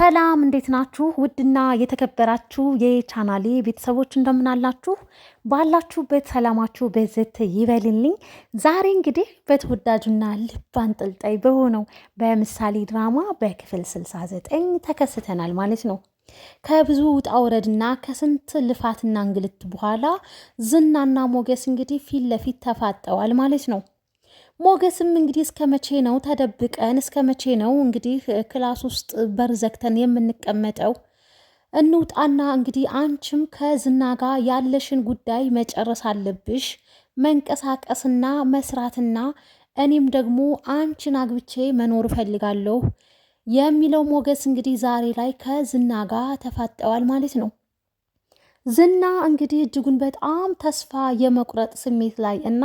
ሰላም እንዴት ናችሁ? ውድና የተከበራችሁ የቻናሌ ቤተሰቦች እንደምናላችሁ ባላችሁበት ሰላማችሁ በዘት ይበልልኝ። ዛሬ እንግዲህ በተወዳጁና ልብ አንጠልጣይ በሆነው በምሳሌ ድራማ በክፍል 69 ተከስተናል ማለት ነው። ከብዙ ውጣ ውረድና ከስንት ልፋትና እንግልት በኋላ ዝናና ሞገስ እንግዲህ ፊት ለፊት ተፋጠዋል ማለት ነው። ሞገስም እንግዲህ እስከ መቼ ነው ተደብቀን እስከ መቼ ነው እንግዲህ ክላስ ውስጥ በርዘግተን የምንቀመጠው? እንውጣና እንግዲህ አንቺም ከዝና ጋር ያለሽን ጉዳይ መጨረስ አለብሽ፣ መንቀሳቀስና መስራትና እኔም ደግሞ አንቺን አግብቼ መኖር እፈልጋለሁ የሚለው ሞገስ እንግዲህ ዛሬ ላይ ከዝና ጋር ተፋጠዋል ማለት ነው። ዝና እንግዲህ እጅጉን በጣም ተስፋ የመቁረጥ ስሜት ላይ እና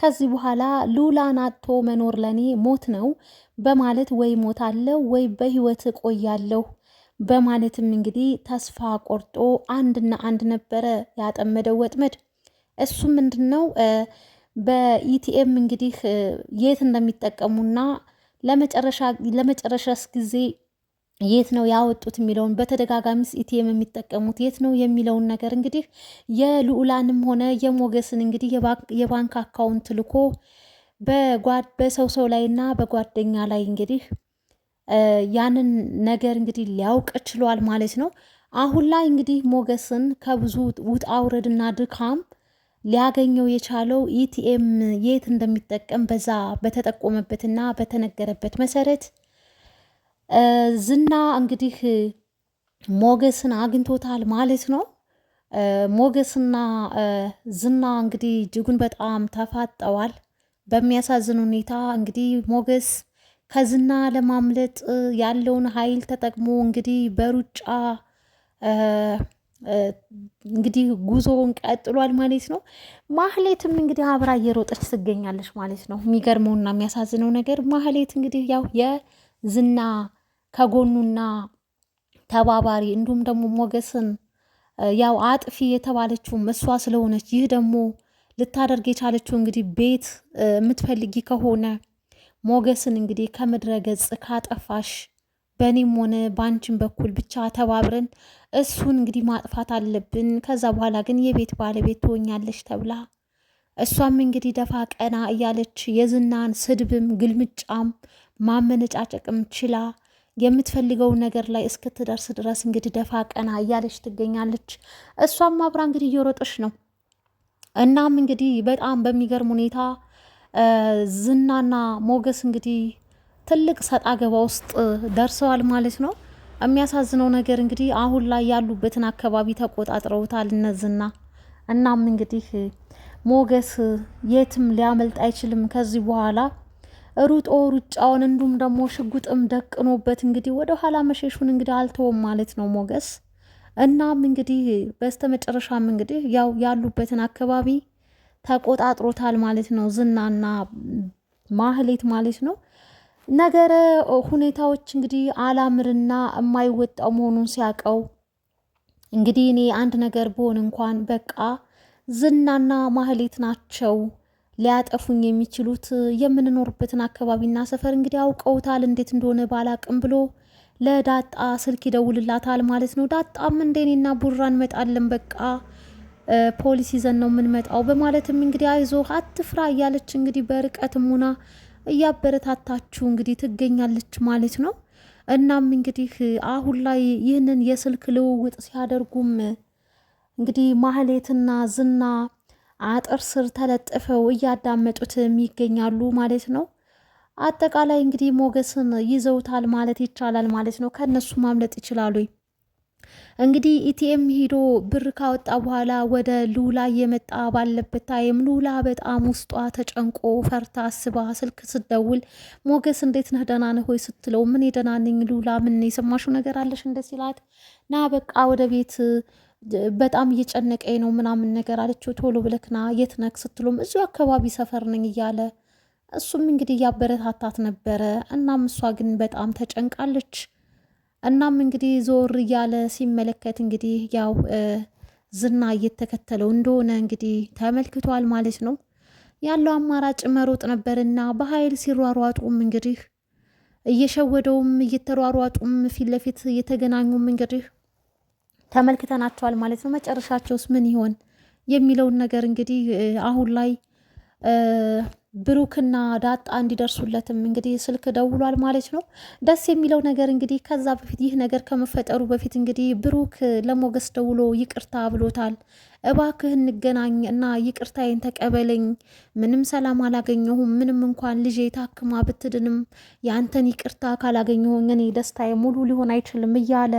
ከዚህ በኋላ ሉላን አጥቶ መኖር ለኔ ሞት ነው በማለት ወይ ሞት አለው ወይ በህይወት እቆያለሁ በማለትም እንግዲህ ተስፋ ቆርጦ አንድና አንድ ነበረ ያጠመደው ወጥመድ። እሱ ምንድን ነው በኢቲኤም እንግዲህ የት እንደሚጠቀሙና ለመጨረሻ ለመጨረሻስ ጊዜ የት ነው ያወጡት የሚለውን በተደጋጋሚ ኢቲኤም የሚጠቀሙት የት ነው የሚለውን ነገር እንግዲህ የልዑላንም ሆነ የሞገስን እንግዲህ የባንክ አካውንት ልኮ በሰው ሰው ላይ እና በጓደኛ ላይ እንግዲህ ያንን ነገር እንግዲህ ሊያውቅ ችሏል ማለት ነው። አሁን ላይ እንግዲህ ሞገስን ከብዙ ውጣ ውረድና ድካም ሊያገኘው የቻለው ኢቲኤም የት እንደሚጠቀም በዛ በተጠቆመበትና በተነገረበት መሰረት ዝና እንግዲህ ሞገስን አግኝቶታል ማለት ነው። ሞገስና ዝና እንግዲህ እጅጉን በጣም ተፋጠዋል። በሚያሳዝን ሁኔታ እንግዲህ ሞገስ ከዝና ለማምለጥ ያለውን ኃይል ተጠቅሞ እንግዲህ በሩጫ እንግዲህ ጉዞውን ቀጥሏል ማለት ነው። ማህሌትም እንግዲህ አብራ እየሮጠች ትገኛለች ማለት ነው። የሚገርመውና የሚያሳዝነው ነገር ማህሌት እንግዲህ ያው የዝና ከጎኑና ተባባሪ እንዲሁም ደግሞ ሞገስን ያው አጥፊ የተባለችውም እሷ ስለሆነች ይህ ደግሞ ልታደርግ የቻለችው እንግዲህ ቤት የምትፈልጊ ከሆነ ሞገስን እንግዲህ ከምድረ ገጽ ካጠፋሽ በእኔም ሆነ በአንችን በኩል ብቻ ተባብረን እሱን እንግዲህ ማጥፋት አለብን። ከዛ በኋላ ግን የቤት ባለቤት ትሆኛለች ተብላ እሷም እንግዲህ ደፋ ቀና እያለች የዝናን ስድብም ግልምጫም ማመነጫጨቅም ችላ የምትፈልገው ነገር ላይ እስክትደርስ ድረስ እንግዲህ ደፋ ቀና እያለች ትገኛለች። እሷም አብራ እንግዲህ እየሮጠች ነው። እናም እንግዲህ በጣም በሚገርም ሁኔታ ዝናና ሞገስ እንግዲህ ትልቅ ሰጣ ገባ ውስጥ ደርሰዋል ማለት ነው። የሚያሳዝነው ነገር እንግዲህ አሁን ላይ ያሉበትን አካባቢ ተቆጣጥረውታል እነ ዝና። እናም እንግዲህ ሞገስ የትም ሊያመልጥ አይችልም ከዚህ በኋላ ሩጦ ሩጫውን እንዲሁም ደግሞ ሽጉጥም ደቅኖበት እንግዲህ ወደ ኋላ መሸሹን እንግዲህ አልተወም ማለት ነው ሞገስ። እናም እንግዲህ በስተመጨረሻም እንግዲህ ያው ያሉበትን አካባቢ ተቆጣጥሮታል ማለት ነው ዝናና ማህሌት ማለት ነው። ነገረ ሁኔታዎች እንግዲህ አላምርና የማይወጣው መሆኑን ሲያውቀው እንግዲህ እኔ አንድ ነገር ብሆን እንኳን በቃ ዝናና ማህሌት ናቸው ሊያጠፉኝ የሚችሉት የምንኖርበትን አካባቢና ሰፈር እንግዲህ አውቀውታል፣ እንዴት እንደሆነ ባላቅም ብሎ ለዳጣ ስልክ ይደውልላታል ማለት ነው። ዳጣም እንደኔና ቡራ እንመጣለን በቃ ፖሊስ ይዘን ነው የምንመጣው በማለትም እንግዲህ አይዞ አትፍራ እያለች እንግዲህ በርቀትም ሆና እያበረታታችሁ እንግዲህ ትገኛለች ማለት ነው። እናም እንግዲህ አሁን ላይ ይህንን የስልክ ልውውጥ ሲያደርጉም እንግዲህ ማህሌትና ዝና አጥር ስር ተለጥፈው እያዳመጡት ይገኛሉ ማለት ነው። አጠቃላይ እንግዲህ ሞገስን ይዘውታል ማለት ይቻላል ማለት ነው። ከነሱ ማምለጥ ይችላሉ። እንግዲህ ኢቲኤም ሄዶ ብር ካወጣ በኋላ ወደ ሉላ የመጣ ባለበት ታይም ሉላ በጣም ውስጧ ተጨንቆ ፈርታ አስባ ስልክ ስደውል ሞገስ እንዴት ነህ ደህና ነህ ሆይ ስትለው ምን ደህና ነኝ ሉላ ምን የሰማሽው ነገር አለሽ እንደ ሲላት ና በቃ ወደ ቤት በጣም እየጨነቀኝ ነው ምናምን ነገር አለችው። ቶሎ ብለክና የት ነክ ስትሉም እዚሁ አካባቢ ሰፈር ነኝ እያለ እሱም እንግዲህ እያበረታታት ነበረ። እናም እሷ ግን በጣም ተጨንቃለች። እናም እንግዲህ ዞር እያለ ሲመለከት እንግዲህ ያው ዝና እየተከተለው እንደሆነ እንግዲህ ተመልክቷል ማለት ነው። ያለው አማራጭ መሮጥ ነበርና በኃይል ሲሯሯጡም እንግዲህ እየሸወደውም እየተሯሯጡም ፊት ለፊት እየተገናኙም እንግዲህ ተመልክተናቸዋል ማለት ነው። መጨረሻቸውስ ምን ይሆን የሚለውን ነገር እንግዲህ አሁን ላይ ብሩክና ዳጣ እንዲደርሱለትም እንግዲህ ስልክ ደውሏል ማለት ነው። ደስ የሚለው ነገር እንግዲህ ከዛ በፊት ይህ ነገር ከመፈጠሩ በፊት እንግዲህ ብሩክ ለሞገስ ደውሎ ይቅርታ ብሎታል። እባክህ እንገናኝ እና ይቅርታዬን ተቀበለኝ፣ ምንም ሰላም አላገኘሁም። ምንም እንኳን ልጄ ታክማ ብትድንም ያንተን ይቅርታ ካላገኘሁ እኔ ደስታዬ ሙሉ ሊሆን አይችልም እያለ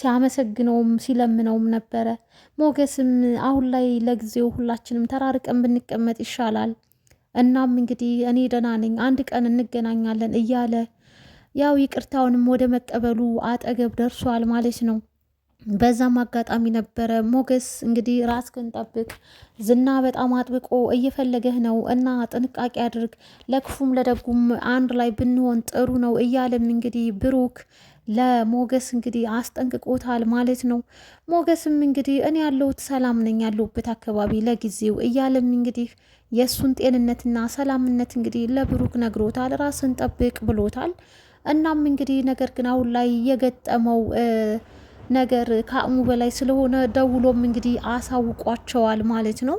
ሲያመሰግነውም ሲለምነውም ነበረ። ሞገስም አሁን ላይ ለጊዜው ሁላችንም ተራርቀን ብንቀመጥ ይሻላል እናም እንግዲህ እኔ ደህና ነኝ፣ አንድ ቀን እንገናኛለን እያለ ያው ይቅርታውንም ወደ መቀበሉ አጠገብ ደርሷል ማለት ነው። በዛም አጋጣሚ ነበረ ሞገስ እንግዲህ ራስህን ጠብቅ፣ ዝና በጣም አጥብቆ እየፈለገህ ነው እና ጥንቃቄ አድርግ፣ ለክፉም ለደጉም አንድ ላይ ብንሆን ጥሩ ነው እያለም እንግዲህ ብሩክ ለሞገስ እንግዲህ አስጠንቅቆታል ማለት ነው። ሞገስም እንግዲህ እኔ ያለሁት ሰላም ነኝ ያለሁበት አካባቢ ለጊዜው እያለም እንግዲህ የእሱን ጤንነትና ሰላምነት እንግዲህ ለብሩክ ነግሮታል። ራስን ጠብቅ ብሎታል። እናም እንግዲህ ነገር ግን አሁን ላይ የገጠመው ነገር ከአቅሙ በላይ ስለሆነ ደውሎም እንግዲህ አሳውቋቸዋል ማለት ነው።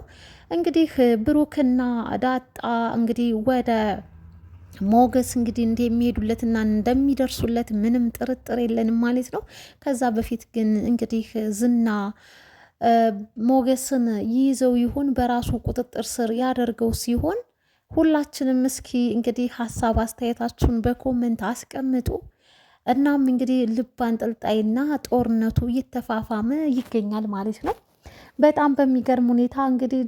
እንግዲህ ብሩክና ዳጣ እንግዲህ ወደ ሞገስ እንግዲህ እንደሚሄዱለትና እንደሚደርሱለት ምንም ጥርጥር የለንም ማለት ነው። ከዛ በፊት ግን እንግዲህ ዝና ሞገስን ይይዘው ይሆን በራሱ ቁጥጥር ስር ያደርገው ሲሆን ሁላችንም እስኪ እንግዲህ ሀሳብ አስተያየታችሁን በኮመንት አስቀምጡ። እናም እንግዲህ ልብ አንጠልጣይና ጦርነቱ እየተፋፋመ ይገኛል ማለት ነው። በጣም በሚገርም ሁኔታ እንግዲህ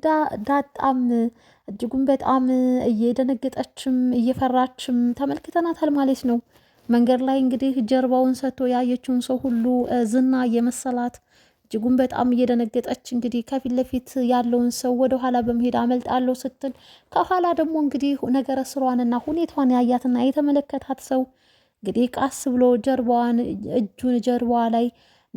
ዳጣም እጅጉን በጣም እየደነገጠችም እየፈራችም ተመልክተናታል ማለት ነው። መንገድ ላይ እንግዲህ ጀርባውን ሰጥቶ ያየችውን ሰው ሁሉ ዝና የመሰላት እጅጉን በጣም እየደነገጠች እንግዲህ ከፊት ለፊት ያለውን ሰው ወደኋላ በመሄድ አመልጣለሁ ስትል ከኋላ ደግሞ እንግዲህ ነገረ ስሯንና ሁኔታዋን ያያትና የተመለከታት ሰው እንግዲህ ቃስ ብሎ ጀርባዋን እጁን ጀርባዋ ላይ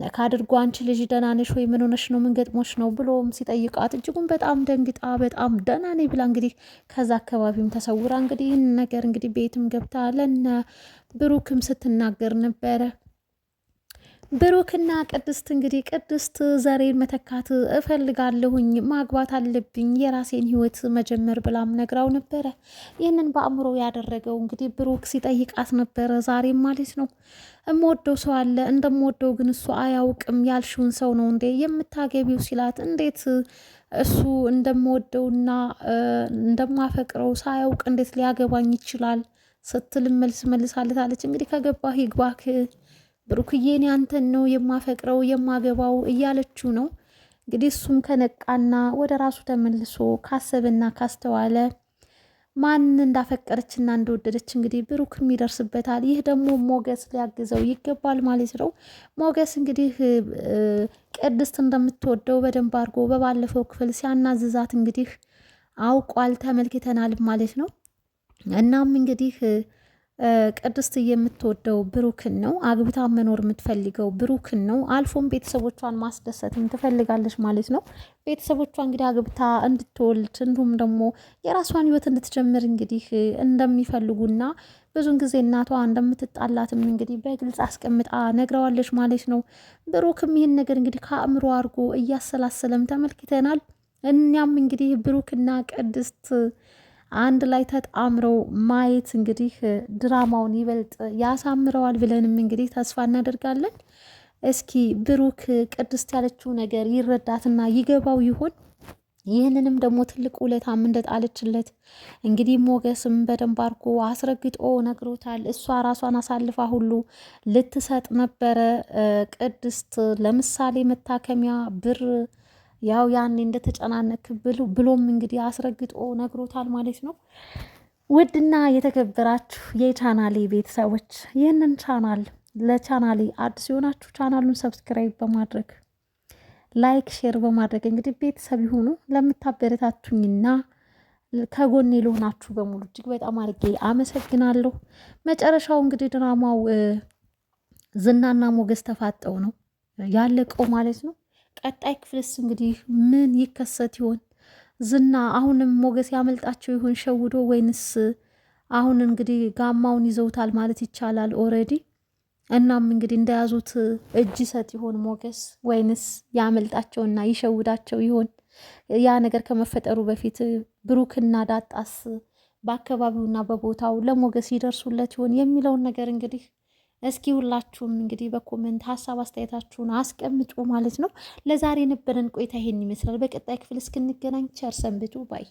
ነካ አድርጎ አንቺ ልጅ ደህና ነሽ ወይ? ምን ሆነሽ ነው? ምን ገጥሞሽ ነው? ብሎም ሲጠይቃት እጅጉን በጣም ደንግጣ በጣም ደህና ነኝ ብላ እንግዲህ ከዛ አካባቢም ተሰውራ እንግዲህ ይህን ነገር እንግዲህ ቤትም ገብታ ለነ ብሩክም ስትናገር ነበረ። ብሩክና ቅድስት እንግዲህ ቅድስት ዘሬን መተካት እፈልጋለሁኝ ማግባት አለብኝ የራሴን ህይወት መጀመር ብላም ነግራው ነበረ። ይህንን በአእምሮ ያደረገው እንግዲህ ብሩክ ሲጠይቃት ነበረ ዛሬም ማለት ነው። እምወደው ሰው አለ እንደምወደው ግን እሱ አያውቅም ያልሽውን ሰው ነው እንዴ የምታገቢው ሲላት እንዴት እሱ እንደምወደውና እንደማፈቅረው ሳያውቅ እንዴት ሊያገባኝ ይችላል ስትል መልስ መልሳለታለች። እንግዲህ ከገባህ ይግባክ ብሩክዬን ያንተን ነው የማፈቅረው የማገባው እያለችው ነው እንግዲህ። እሱም ከነቃና ወደ ራሱ ተመልሶ ካሰብና ካስተዋለ ማን እንዳፈቀረችና እንደወደደች እንግዲህ ብሩክም ይደርስበታል። ይህ ደግሞ ሞገስ ሊያግዘው ይገባል ማለት ነው። ሞገስ እንግዲህ ቅድስት እንደምትወደው በደንብ አድርጎ በባለፈው ክፍል ሲያናዝዛት እንግዲህ አውቋል፣ ተመልክተናል ማለት ነው። እናም እንግዲህ ቅድስት የምትወደው ብሩክን ነው። አግብታ መኖር የምትፈልገው ብሩክን ነው። አልፎም ቤተሰቦቿን ማስደሰትም ትፈልጋለች ማለት ነው። ቤተሰቦቿ እንግዲህ አግብታ እንድትወልድ እንዲሁም ደግሞ የራሷን ሕይወት እንድትጀምር እንግዲህ እንደሚፈልጉና ብዙን ጊዜ እናቷ እንደምትጣላትም እንግዲህ በግልጽ አስቀምጣ ነግረዋለች ማለት ነው። ብሩክም ይህን ነገር እንግዲህ ከአእምሮ አድርጎ እያሰላሰለም ተመልክተናል። እኛም እንግዲህ ብሩክና ቅድስት አንድ ላይ ተጣምረው ማየት እንግዲህ ድራማውን ይበልጥ ያሳምረዋል ብለንም እንግዲህ ተስፋ እናደርጋለን። እስኪ ብሩክ ቅድስት ያለችው ነገር ይረዳትና ይገባው ይሆን? ይህንንም ደግሞ ትልቅ ውለታም እንደጣለችለት እንግዲህ ሞገስም በደንብ አድርጎ አስረግጦ ነግሮታል። እሷ ራሷን አሳልፋ ሁሉ ልትሰጥ ነበረ ቅድስት ለምሳሌ መታከሚያ ብር ያው ያኔ እንደተጨናነክ ብሎም እንግዲህ አስረግጦ ነግሮታል ማለት ነው። ውድና የተከበራችሁ የቻናሌ ቤተሰቦች ይህንን ቻናል ለቻናሌ አዲስ የሆናችሁ ቻናሉን ሰብስክራይብ በማድረግ ላይክ፣ ሼር በማድረግ እንግዲህ ቤተሰብ ይሁኑ። ለምታበረታቱኝና ከጎኔ ለሆናችሁ በሙሉ እጅግ በጣም አድርጌ አመሰግናለሁ። መጨረሻው እንግዲህ ድራማው ዝናና ሞገስ ተፋጠው ነው ያለቀው ማለት ነው። ቀጣይ ክፍልስ እንግዲህ ምን ይከሰት ይሆን? ዝና አሁንም ሞገስ ያመልጣቸው ይሆን ሸውዶ? ወይንስ አሁን እንግዲህ ጋማውን ይዘውታል ማለት ይቻላል ኦልሬዲ። እናም እንግዲህ እንደያዙት እጅ ይሰጥ ይሆን ሞገስ? ወይንስ ያመልጣቸውና ይሸውዳቸው ይሆን? ያ ነገር ከመፈጠሩ በፊት ብሩክና ዳጣስ በአካባቢውና በቦታው ለሞገስ ይደርሱለት ይሆን የሚለውን ነገር እንግዲህ እስኪ ሁላችሁም እንግዲህ በኮመንት ሀሳብ አስተያየታችሁን አስቀምጡ ማለት ነው። ለዛሬ የነበረን ቆይታ ይሄን ይመስላል። በቀጣይ ክፍል እስክንገናኝ ቸር ሰንብቱ ባይ